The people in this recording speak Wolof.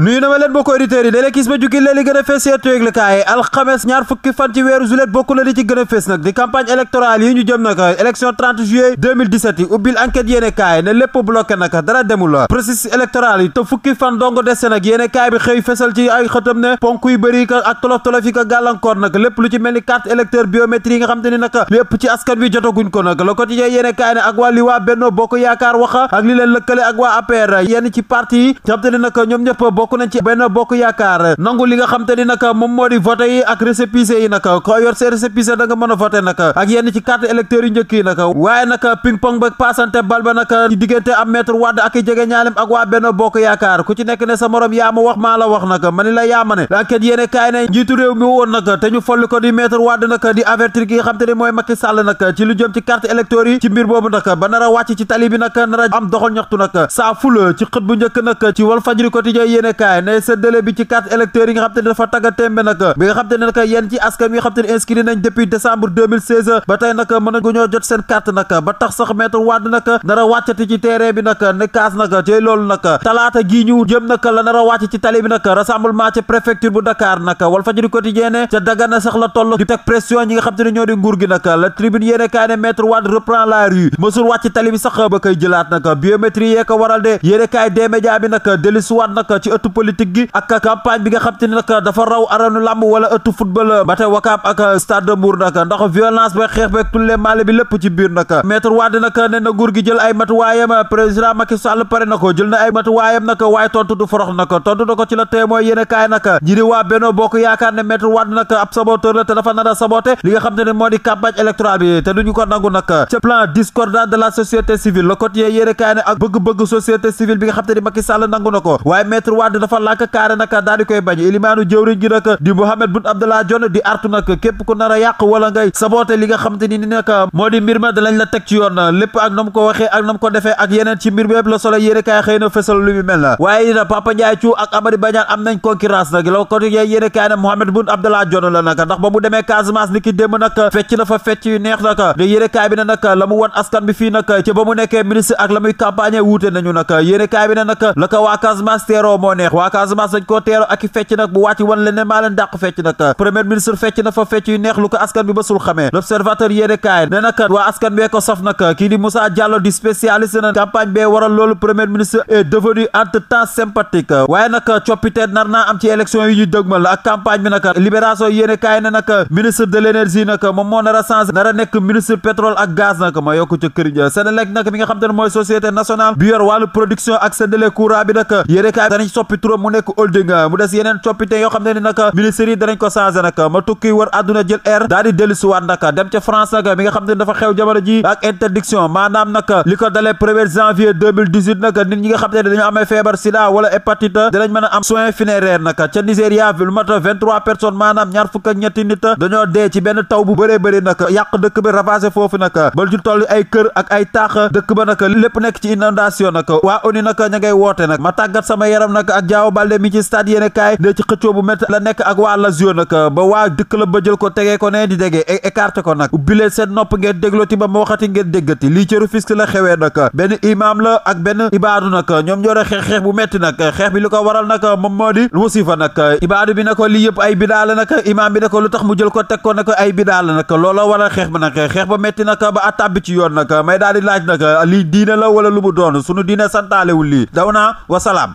nuyu na ma leen bokk auditeurs yi da lekis ba jukki leen li gën a fees seetu yëglekaay yi alxames ñaar fukki fan ci weeru juillet bokk na ci gën fees nag di campagne électorale yi ñu jëm nag élection yi ubbil enquête yéenekaay ne lépp bloqué nag dara demul processus électoral yi te fukki fan dong dese nag yéenekaay bi xëy fesal ci ay xëtam ne ponk yu bëri ak tolof tolof yi ka gàllankoor nag lépp lu ci mel ni carte électeur biométrie nga xam nag bokk nañ ci benn bokk yaakaar nangu li nga xam te ni nag moom moo di yi ko i ku nekk ne sa morom yaa wax maa la wax nag ma ni la yaa ne enquête yéene kaay ne njiitu réew mi woon nag te ñu folli ko di maître Wade nag di avertir ki xam te ni mooy Macky Sall nag ci lu jëm ci carte électeurs ci mbir boobu nag ba nar a wàcc ci tali bi nag nar am doxal ñaxtu nag saa ful ci xët bu njëkk nag ci Walf Fadjri quotidien yéene yéenekaay ne séddale bi ci carte électeurs yi nga xam te dafa tagga témbe nag bi nga xam te ne yenn ci askan yi nga xam te ne depuis décembre ba tey nag mën jot seen carte nag ba tax sax maître Wade nag nara wàccati ci terrain bi nag ne kaas nag tey loolu nag talaata gii ñu jëm nag la nara wàcc ci tali bi nag rassemblement ci préfecture bu Dakar nag wal fajiri quotidien ne ca Dagana sax la toll di teg pression ñi nga xam te ñoo di ëttu politique gi ak campagne bi nga xam te ne nag dafa raw aranu làmb wala ëttu football ba tey ak stade de Mbour nag ndax violence ba xeex beeg tullee maale bi lépp ci biir nag maître Wade nag ne na nguur gi jël ay matuwaayam président Macky Sall pare na ko jël na ay matuwaayam nag waaye tontu du forox nag tontu na ko ci la témoin yéen a kaay nag ñi di waa Yaakaar ne maître Wade nag ab saboteur la te dafa nar a li nga xam te ne moo di campagne électorale bi te a kaay ne ne na Wade dafa lànk kaare nag daal di koy bañ élimaanu jëwriñ gi nag di Mohamed Boun Abdallah Dionne di artu nag képp ku nar a yàq wala ngay saboté li nga xam te ni ni nag moo di mbir ma dalañ la teg ci yoon lépp ak nam ko waxee ak nam ko defee ak yeneen ci mbir bépp la solo yéene kaay xëy na fësal lu mu mel na waaye dina Abdallah Dionne la nag ndax ba mu demee Casamance ni ki démb nag fecc na fa fecc yu neex nag de yéene kaay bi ne nag la mu wan askan bi neex waa Casamance dañ koo teeru ak i fecc nag bu wàcc wan leen ne bi basul xamee l'observateur yéene kaay ne nag waa askan bee ko sof nag kii di Moussa Diallo di spécialiste na campagne bee waral loolu premier ministre est devenu entre temps sympathique waaye nag coppite nar naa am ci élection yi ñu dëgmal ak campagne bi nag libération kaay ne nag ministre de l'énergie nag moom moo nar a changé nar a nekk ministre pétrole ak gaz nag ma yokku ca këriñ soppi turam mu nekk holding mu des yeneen coppite yoo xam ne ni nag ministère yi danañ ko changé nag ma tukki war àdduna jël air daal di dellu siwaat dem ca France nag mi nga xam ne dafa xew jamono ji ak nit ñi nga xam ne dañoo amee feebar sida wala hépatite danañ mën a am soins funéraires nag ca Nigéria bi lu mat 23 personnes maanaam ñaar fukk ak ñetti dee ci benn taw bu bëree bëri yàq dëkk bi ravagé foofu nag ba ju toll ay kër ak ak Diao mi ci stade yéen kaay ne ci xëccoo bu métti la nekk ak waa Lazio nag ba waa dëkk la ba jël ko tegee ko ne di dege e, écarté ko nag ubbilee seen nopp ngeen déglooti ba ma waxati ngeen déggati lii ci Rufisque la xewee nag benn imaam la ak benn ibaadu nag ñoom ñoo xeex xeex bu metti nag xeex bi li ko waral nag moom moo di musifa nag ibaadu bi ne ko lii yëpp ay bidaa la nag imaam bi ne lu tax mu jël ko teg ko ne ay bidaa la nag looloo waral xeex bi nag xeex ba metti nag ba attaab bi ci yoon nag may daal di laaj lii diine la wala lu mu doon sunu diine santaale lii daw wasalaam